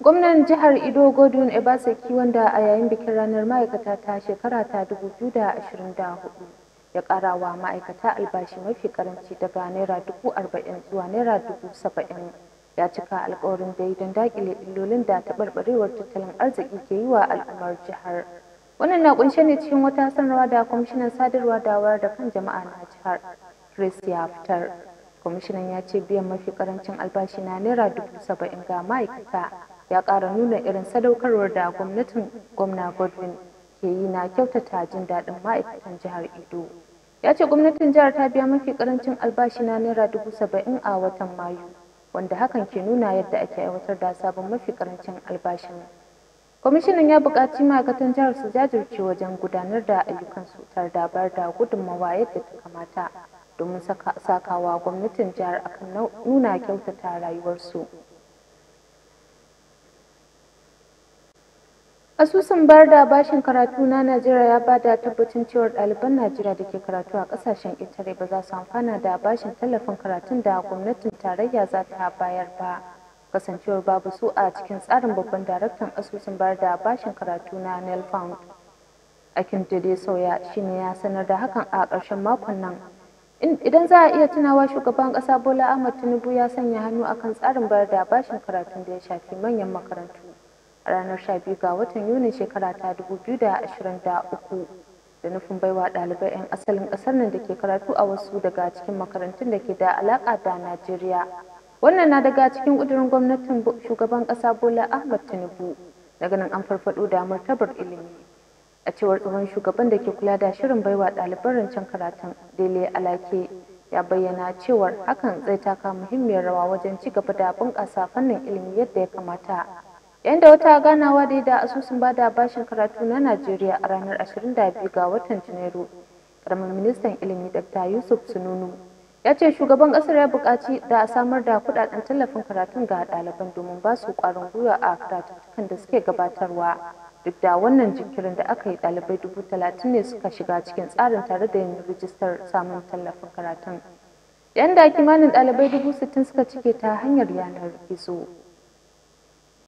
Gwamnan jihar Ido Godwin Ebaseki wanda a yayin bikin ranar ma'aikata ta shekara ta 2024 ya karawa ma'aikata albashi mafi karanci daga naira dubu arba'in zuwa naira dubu saba'in ya cika alkawarin da don dakile illolin da taɓarɓarewar tattalin arziki ke yi wa al'ummar jihar. Wannan na kunshe ne cikin wata sanarwa da kwamishinan sadarwa da wayar da kan jama'a na jihar Chris ya fitar. Kwamishinan ya ce biyan mafi karancin albashi na naira dubu saba'in ga ma'aikata ya ƙara nuna irin sadaukarwar da gwamnatin gwamna godwin ke yi na kyautata jin daɗin ma'aikatan jihar ido ya ce gwamnatin jihar ta biya mafi karancin albashi na naira dubu saba'in a watan mayu wanda hakan ke nuna yadda ake aiwatar da sabon mafi karancin albashin kwamishinan ya buƙaci ma'aikatan jihar su jajirce wajen gudanar da ayyukansu tare da bayar da gudunmawa yadda ta kamata domin sakawa gwamnatin jihar akan nuna kyautata rayuwarsu Asusun bayar da bashin karatu na Najeriya ya ba da tabbacin cewar ɗaliban Najeriya da ke karatu a ƙasashen ƙetare ba za su amfana da bashin tallafin karatun da gwamnatin tarayya za ta bayar ba. Kasancewar babu su a cikin tsarin babban daraktan asusun bayar da bashin karatu na Nelfound. Found. Akin dai Sauya shine ya sanar da hakan a ƙarshen makon nan. Idan za a iya tunawa shugaban ƙasa Bola Ahmad Tinubu ya sanya hannu akan tsarin bayar da bashin karatun da ya shafi manyan makarantu. a ranar 12 ga watan Yunin shekara ta 2023 da nufin baiwa ɗalibai 'yan asalin ƙasar nan da ke karatu a wasu daga cikin makarantun da ke da alaƙa da Najeriya. Wannan na daga cikin ƙudurin gwamnatin shugaban ƙasa Bola ahmad Tinubu na ganin an farfaɗo damar tabar ilimi. A cewar tsohon shugaban da ke kula da shirin baiwa ɗaliban rancen karatun Dele Alake ya bayyana cewar hakan zai taka muhimmiyar rawa wajen ci gaba da bunƙasa fannin ilimi yadda ya kamata. Yan da wata ganawa da da asusun bada bashin karatu na Najeriya a ranar 22 ga watan Janairu. Karamin ministan ilimi Dr. Yusuf Sununu ya ce shugaban kasar ya bukaci da a samar da kudaden tallafin karatun ga ɗaliban domin ba su ƙwarin gwiwa a karatun da suke gabatarwa. Duk da wannan jinkirin da aka yi ɗalibai dubu talatin ne suka shiga cikin tsarin tare da yin rijistar samun tallafin karatun. Yan kimanin ɗalibai dubu sittin suka cike ta hanyar yanar gizo.